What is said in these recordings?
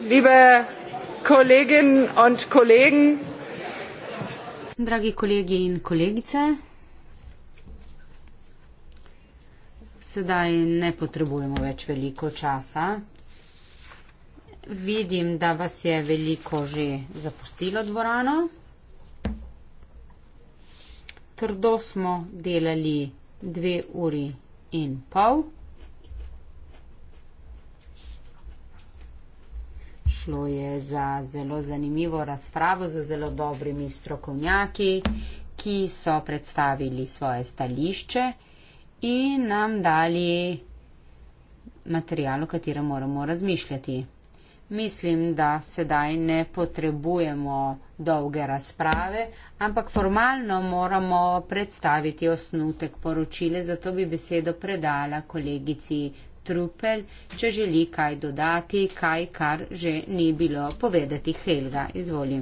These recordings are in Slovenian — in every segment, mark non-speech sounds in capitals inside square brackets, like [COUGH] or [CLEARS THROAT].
liebe Kolleginnen und Kollegen, Dragi kolegi in kolegice, sedaj ne potrebujemo več veliko časa. Vidim, da vas je veliko že zapustilo dvorano. Trdo smo delali dve uri in pol. šlo je za zelo zanimivo razpravo z zelo dobrimi strokovnjaki, ki so predstavili svoje stališče in nam dali material, o katerem moramo razmišljati. Mislim, da sedaj ne potrebujemo dolge razprave, ampak formalno moramo predstaviti osnutek poročile, zato bi besedo predala kolegici trupel, če želi kaj dodati, kaj kar že ni bilo povedati. Helga, izvoli.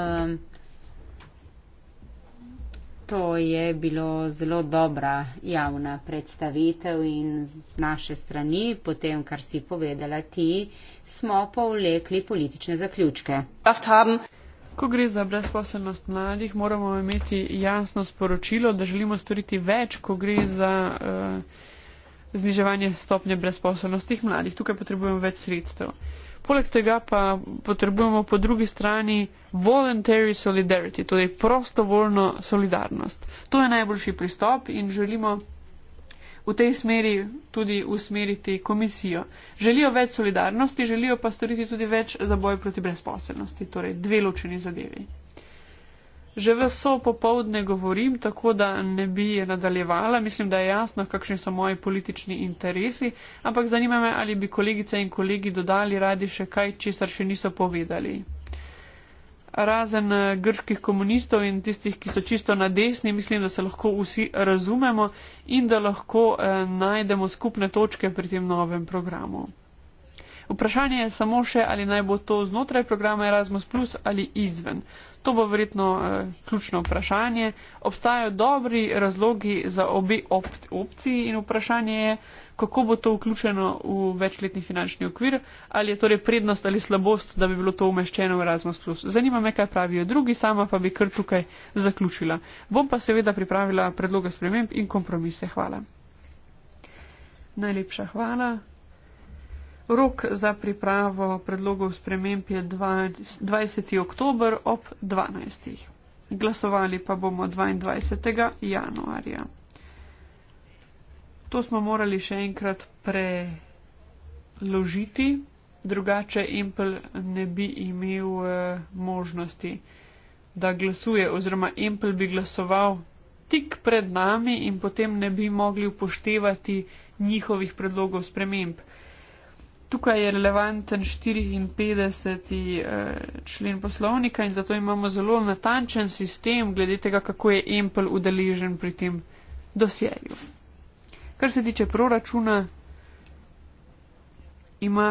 Um, to je bilo zelo dobra javna predstavitev in z naše strani, potem kar si povedala ti, smo povlekli politične zaključke. Ko gre za brezposelnost mladih, moramo imeti jasno sporočilo, da želimo storiti več, ko gre za. Uh, zniževanje stopnje brezposobnosti mladih. Tukaj potrebujemo več sredstev. Poleg tega pa potrebujemo po drugi strani voluntary solidarity, torej prostovoljno solidarnost. To je najboljši pristop in želimo v tej smeri tudi usmeriti komisijo. Želijo več solidarnosti, želijo pa storiti tudi več za boj proti brezposobnosti, torej dve ločeni zadevi. Že vso popovdne govorim, tako da ne bi nadaljevala. Mislim, da je jasno, kakšni so moji politični interesi, ampak zanima me, ali bi kolegice in kolegi dodali radi še kaj, česar še niso povedali. Razen eh, grških komunistov in tistih, ki so čisto na desni, mislim, da se lahko vsi razumemo in da lahko eh, najdemo skupne točke pri tem novem programu. Vprašanje je samo še, ali naj bo to znotraj programa Erasmus, ali izven. To bo verjetno uh, ključno vprašanje. Obstajajo dobri razlogi za obe opt opciji in vprašanje je, kako bo to vključeno v večletni finančni okvir, ali je torej prednost ali slabost, da bi bilo to umeščeno v Erasmus. Zanima me, kaj pravijo drugi, sama pa bi kar tukaj zaključila. Bom pa seveda pripravila predloge sprememb in kompromise. Hvala. Najlepša hvala. Rok za pripravo predlogov sprememb je 20. oktober ob 12. Glasovali pa bomo 22. januarja. To smo morali še enkrat preložiti, drugače Impel ne bi imel eh, možnosti, da glasuje oziroma Impel bi glasoval tik pred nami in potem ne bi mogli upoštevati njihovih predlogov sprememb. Tukaj je relevanten 54. Eh, člen poslovnika in zato imamo zelo natančen sistem glede tega, kako je Empel udeležen pri tem dosjeju. Kar se tiče proračuna, ima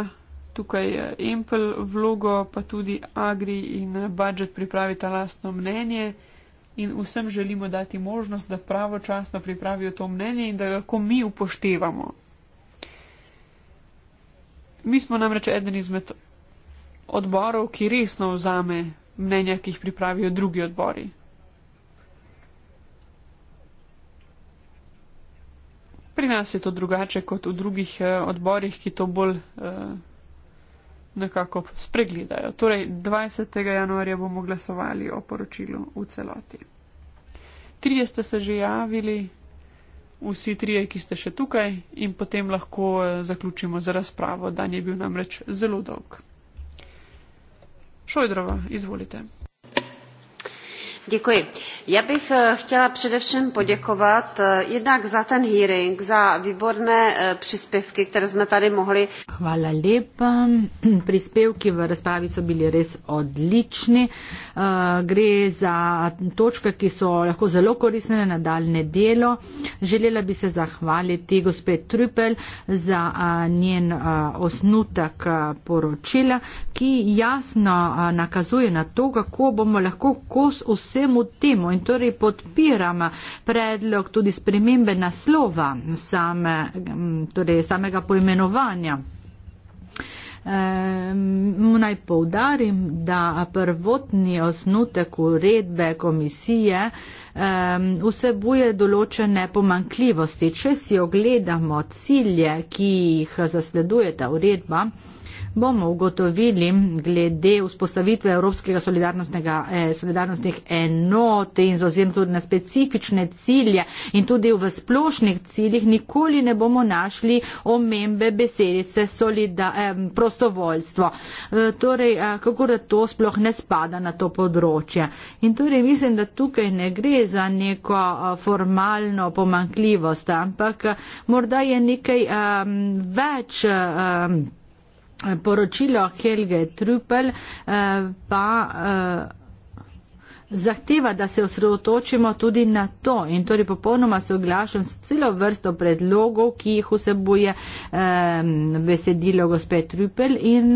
tukaj eh, Empel vlogo, pa tudi Agri in budžet pripravita lastno mnenje in vsem želimo dati možnost, da pravočasno pripravijo to mnenje in da ga lahko mi upoštevamo. Mi smo namreč eden izmed odborov, ki resno vzame mnenja, ki jih pripravijo drugi odbori. Pri nas je to drugače kot v drugih eh, odborih, ki to bolj eh, nekako spregledajo. Torej, 20. januarja bomo glasovali o poročilu v celoti. Trije ste se že javili, vsi trije, ki ste še tukaj, in potem lahko eh, zaključimo za razpravo. Dan je bil namreč zelo dolg. Šojdrova, izvolite. Děkuji. Já bych eh, chtěla především poděkovat eh, jednak za ten hearing, za výborné eh, příspěvky, které jsme tady mohli. Hvala lepa. [CLEARS THROAT] Příspěvky v rozpravě jsou byly res odlični. Gre za točka, ki so lahko zelo korisne na daljne delo. Želela bi se zahvaliti gospe Trupel za njen osnutek poročila, ki jasno nakazuje na to, kako bomo lahko kos vse vsemu temu in torej podpiram predlog tudi spremembe naslova same, torej samega poimenovanja. Um, naj povdarim, da prvotni osnutek uredbe komisije um, vsebuje določene pomankljivosti. Če si ogledamo cilje, ki jih zasleduje ta uredba, bomo ugotovili glede vzpostavitve Evropskega solidarnostnega, eh, solidarnostnih enote in zozirno tudi na specifične cilje in tudi v splošnih ciljih nikoli ne bomo našli omembe besedice solida, eh, prostovoljstvo. E, torej, eh, kako da to sploh ne spada na to področje. In torej mislim, da tukaj ne gre za neko eh, formalno pomankljivost, ampak eh, morda je nekaj eh, več. Eh, poročilo Helge Trupel eh, pa eh, zahteva, da se osredotočimo tudi na to in torej popolnoma se oglašam s celo vrsto predlogov, ki jih vsebuje eh, besedilo gospe Trupel in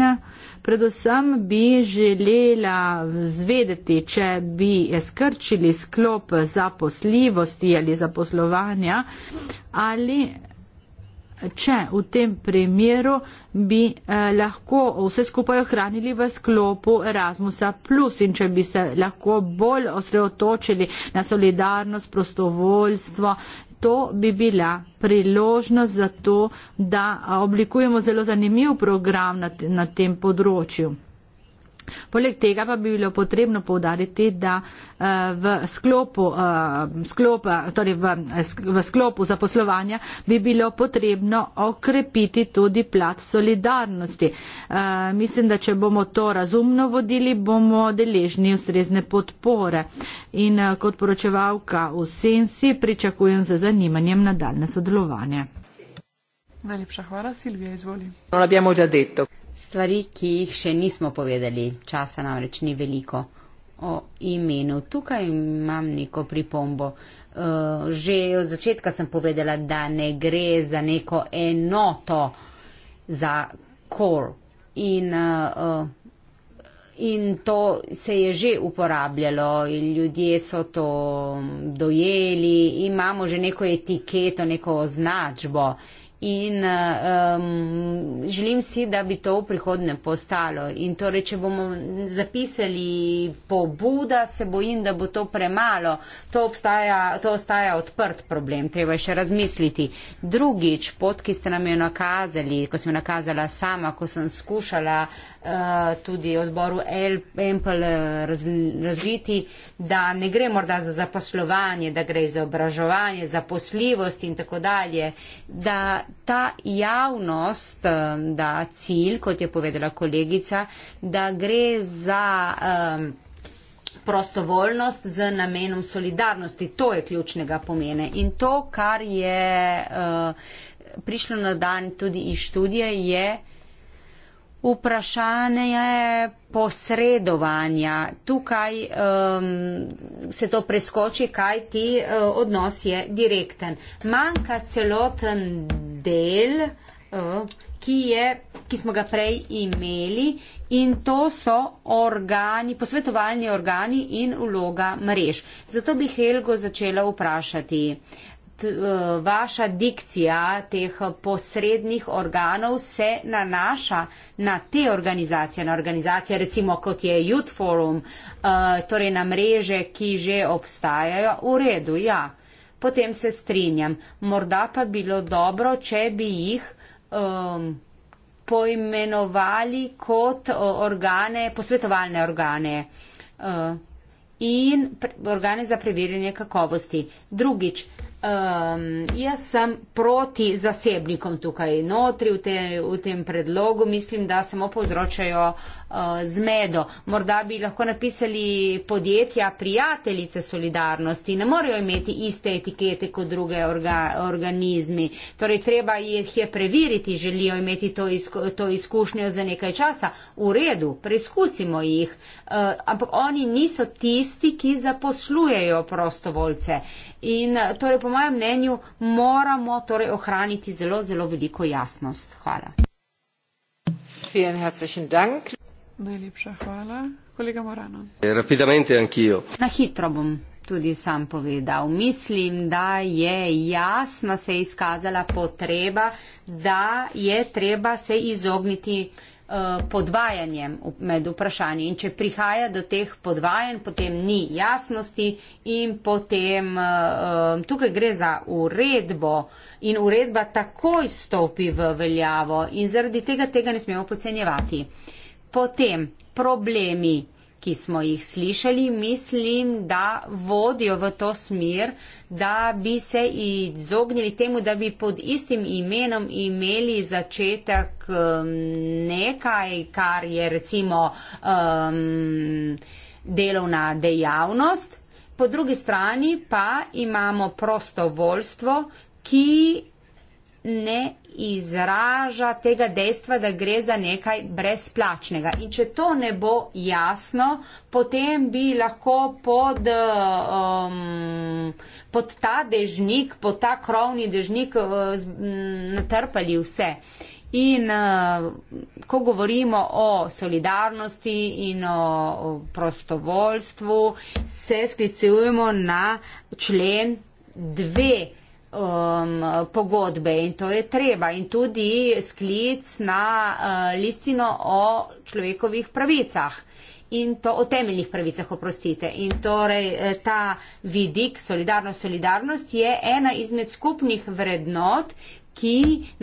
predvsem bi želela zvedeti, če bi skrčili sklop zaposljivosti ali zaposlovanja ali Če v tem primeru bi eh, lahko vse skupaj ohranili v sklopu Erasmusa, in če bi se lahko bolj osredotočili na solidarnost, prostovoljstvo, to bi bila priložnost za to, da oblikujemo zelo zanimiv program na, na tem področju. Poleg tega pa bi bilo potrebno povdariti, da eh, v sklopu, eh, sklopa, torej v, v sklopu zaposlovanja bi bilo potrebno okrepiti tudi plat solidarnosti. Eh, mislim, da če bomo to razumno vodili, bomo deležni ustrezne podpore. In kot poročevalka v Sensi pričakujem za zanimanjem nadaljne sodelovanje. Najlepša hvala, Silvija, izvoli. No, stvari, ki jih še nismo povedali, časa namreč ni veliko o imenu. Tukaj imam neko pripombo. Uh, že od začetka sem povedala, da ne gre za neko enoto, za kor. In, uh, in to se je že uporabljalo in ljudje so to dojeli, imamo že neko etiketo, neko označbo in um, želim si, da bi to v prihodnje postalo. In torej, če bomo zapisali pobuda, se bojim, da bo to premalo. To, obstaja, to ostaja odprt problem, treba je še razmisliti. Drugič, pot, ki ste nam jo nakazali, ko sem jo nakazala sama, ko sem skušala uh, Eh, tudi odboru Ample eh, razložiti, da ne gre morda za zaposlovanje, da gre za obražovanje, za poslivost in tako dalje, da ta javnost, eh, da cilj, kot je povedala kolegica, da gre za. Um, prostovoljnost z namenom solidarnosti. To je ključnega pomene. In to, kar je uh, prišlo na dan tudi iz študije, je uh, vprašanje posredovanja. Tukaj um, se to preskoči, kaj ti uh, odnos je direkten. Manjka celoten del, uh, ki, je, ki smo ga prej imeli in to so organi, posvetovalni organi in vloga mrež. Zato bi Helgo začela vprašati. Uh, Eh, vaša dikcija teh posrednih organov se nanaša na te organizacije, na organizacije recimo kot je Youth Forum, eh, torej na mreže, ki že obstajajo. V redu, ja, potem se strinjam. Morda pa bilo dobro, če bi jih um, poimenovali kot eh, organe, posvetovalne organe. Uh, In organe za preverjanje kakovosti. Drugič, Um, jaz sem proti zasebnikom tukaj notri v, te, v tem predlogu. Mislim, da samo povzročajo uh, zmedo. Morda bi lahko napisali podjetja, prijateljice solidarnosti. Ne morejo imeti iste etikete kot druge orga, organizmi. Torej, treba jih je preveriti, želijo imeti to, izku, to izkušnjo za nekaj časa. V redu, preizkusimo jih. Uh, ampak oni niso tisti, ki zaposlujejo prostovoljce. In, torej, mojem mnenju moramo torej ohraniti zelo, zelo veliko jasnost. Hvala. Najlepša hvala, kolega Morano. E, Na hitro bom tudi sam povedal. Mislim, da je jasno se izkazala potreba, da je treba se izogniti Eh, podvajanjem med vprašanji. In če prihaja do teh podvajanj, potem ni jasnosti in potem eh, eh, tukaj gre za uredbo in uredba takoj stopi v veljavo in zaradi tega tega ne smemo pocenjevati. Potem problemi ki smo jih slišali, mislim, da vodijo v to smer, da bi se izognili temu, da bi pod istim imenom imeli začetek um, nekaj, kar je recimo um, delovna dejavnost. Po drugi strani pa imamo prostovoljstvo, ki ne izraža tega dejstva, da gre za nekaj brezplačnega. In če to ne bo jasno, potem bi lahko pod, um, pod ta dežnik, pod ta krovni dežnik uh, natrpali vse. In uh, ko govorimo o solidarnosti in o, o prostovoljstvu, se sklicujemo na člen 2 um, pogodbe in to je treba in tudi sklic na uh, listino o človekovih pravicah in to o temeljnih pravicah, oprostite. In torej eh, ta vidik, solidarnost, solidarnost je ena izmed skupnih vrednot, ki,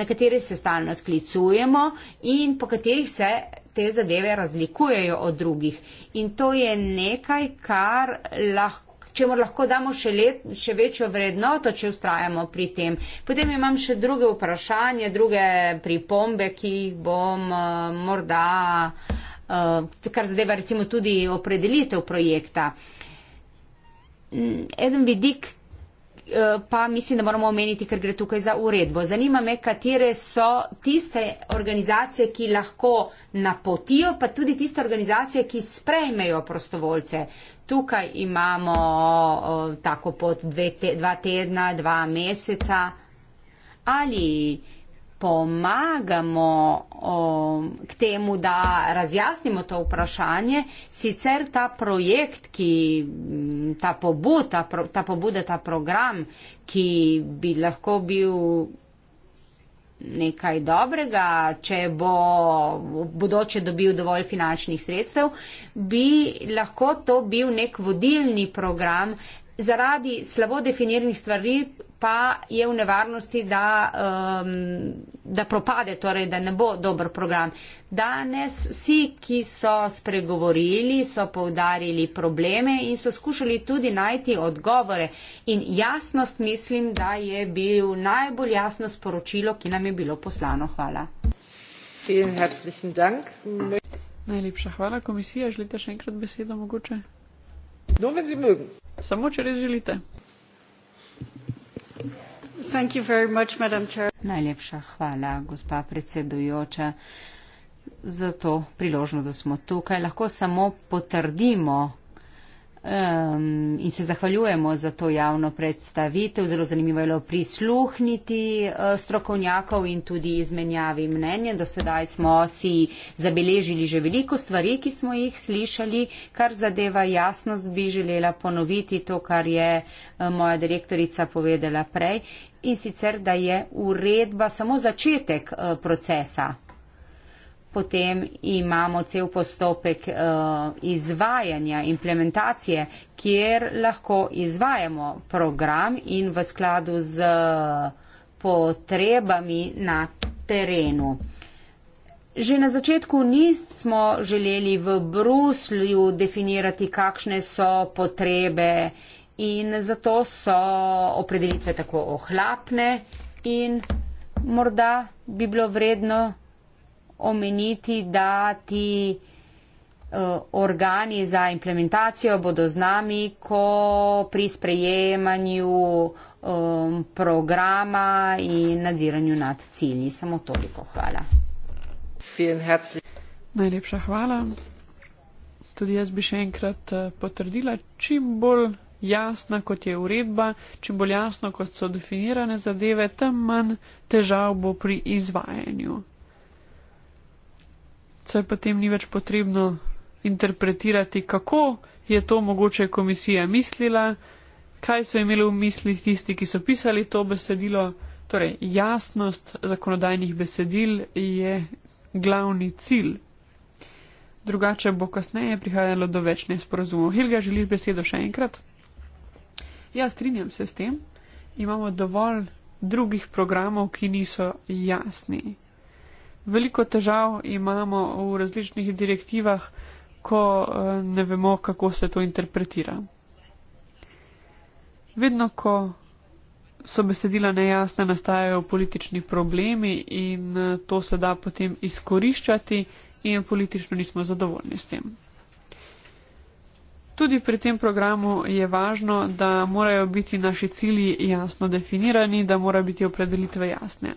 na katere se stalno sklicujemo in po katerih se te zadeve razlikujejo od drugih. In to je nekaj, kar lahko čemu lahko damo še, let, še večjo vrednoto, če ustrajamo pri tem. Potem imam še druge vprašanja, druge pripombe, ki jih bom uh, morda, uh, kar zadeva recimo tudi opredelitev projekta. Eden vidik, Eh, pa mislim, da moramo omeniti, ker gre tukaj za uredbo. Zanima me, katere so tiste organizacije, ki lahko napotijo, pa tudi tiste organizacije, ki sprejmejo prostovoljce. Tukaj imamo eh, tako pot te, dva tedna, dva meseca. Ali pomagamo o, k temu, da razjasnimo to vprašanje, sicer ta projekt, ki, ta, pobud, ta, pro, ta pobuda, ta program, ki bi lahko bil nekaj dobrega, če bo v bodoče dobil dovolj finančnih sredstev, bi lahko to bil nek vodilni program zaradi slabo definiranih stvari, pa je v nevarnosti, da, um, da propade, torej da ne bo dober program. Danes vsi, ki so spregovorili, so povdarili probleme in so skušali tudi najti odgovore. In jasnost mislim, da je bil najbolj jasno sporočilo, ki nam je bilo poslano. Hvala. Najlepša hvala, komisija. Želite še enkrat besedo mogoče? Samo če res želite. Najlepša hvala, gospa predsedujoča, za to priložnost, da smo tukaj. Lahko samo potrdimo Um, in se zahvaljujemo za to javno predstavitev. Zelo zanimivo je bilo prisluhniti uh, strokovnjakov in tudi izmenjavi mnenje. Do sedaj smo si zabeležili že veliko stvari, ki smo jih slišali. Kar zadeva jasnost, bi želela ponoviti to, kar je uh, moja direktorica povedala prej. In sicer, da je uredba samo začetek uh, procesa potem imamo cel postopek uh, izvajanja, implementacije, kjer lahko izvajamo program in v skladu z potrebami na terenu. Že na začetku nismo želeli v Bruslju definirati, kakšne so potrebe in zato so opredelitve tako ohlapne in morda bi bilo vredno omeniti, da ti eh, organi za implementacijo bodo z nami, ko pri sprejemanju eh, programa in nadziranju nad cilji. Samo toliko. Hvala. Najlepša hvala. Tudi jaz bi še enkrat eh, potrdila, čim bolj jasna kot je uredba, čim bolj jasno kot so definirane zadeve, tem manj težav bo pri izvajanju saj potem ni več potrebno interpretirati, kako je to mogoče komisija mislila, kaj so imeli v misli tisti, ki so pisali to besedilo. Torej, jasnost zakonodajnih besedil je glavni cilj. Drugače bo kasneje prihajalo do več nesporazumov. Helga, želiš besedo še enkrat? Ja, strinjam se s tem. Imamo dovolj drugih programov, ki niso jasni veliko težav imamo v različnih direktivah, ko eh, ne vemo, kako se to interpretira. Vedno, ko so besedila nejasna, nastajajo politični problemi in eh, to se da potem izkoriščati in politično nismo zadovoljni s tem. Tudi pri tem programu je važno, da morajo biti naši cilji jasno definirani, da morajo biti opredelitve jasne.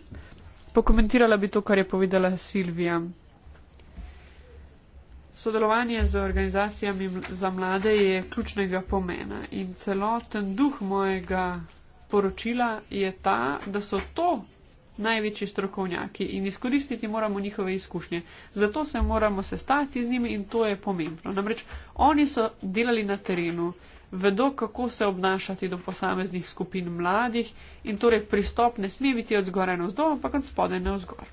Pokomentirala bi to, kar je povedala Silvija. Sodelovanje z organizacijami za mlade je ključnega pomena in celoten duh mojega poročila je ta, da so to največji strokovnjaki in izkoristiti moramo njihove izkušnje. Zato se moramo sestati z njimi in to je pomembno. Namreč oni so delali na terenu vedo, kako se obnašati do posameznih skupin mladih in torej pristop ne sme biti od zgoraj na vzdolj, ampak od spodaj na vzgor.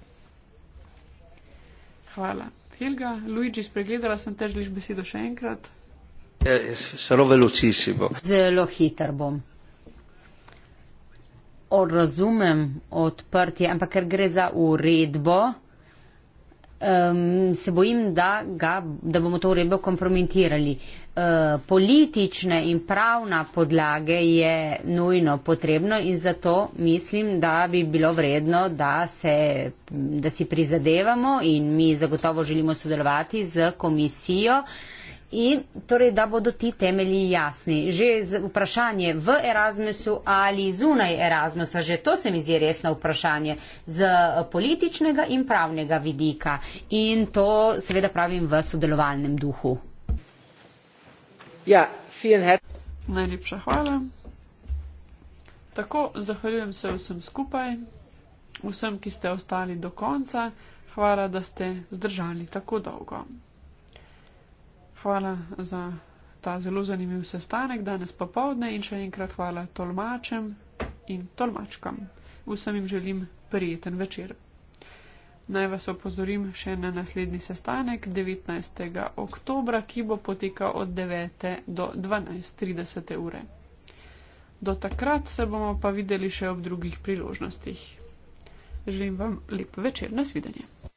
Hvala. Helga, Luigi, spregledala sem te želiš besedo še enkrat. Ja, zelo velocisimo. Zelo hiter bom. O, razumem odprtje, ampak ker gre za uredbo, um, se bojim, da, ga, da bomo to uredbo kompromitirali. Uh, politične in pravna podlage je nujno potrebno in zato mislim, da bi bilo vredno, da, se, da si prizadevamo in mi zagotovo želimo sodelovati z komisijo. Uh, in torej, da bodo ti temelji jasni. Že vprašanje v Erasmusu ali zunaj Erasmusa, že to se mi zdi resno vprašanje z političnega in pravnega vidika in to seveda pravim v sodelovalnem duhu. Ja, Najlepša hvala. Tako, zahvaljujem se vsem skupaj, vsem, ki ste ostali do konca. Hvala, da ste zdržali tako dolgo hvala za ta zelo zanimiv sestanek danes popovdne in še enkrat hvala tolmačem in tolmačkam. Vsem jim želim prijeten večer. Naj vas opozorim še na naslednji sestanek 19. oktober, ki bo potekal od 9. do 12.30 ure. Do takrat se bomo pa videli še ob drugih priložnostih. Želim vam lep večer, nasvidenje.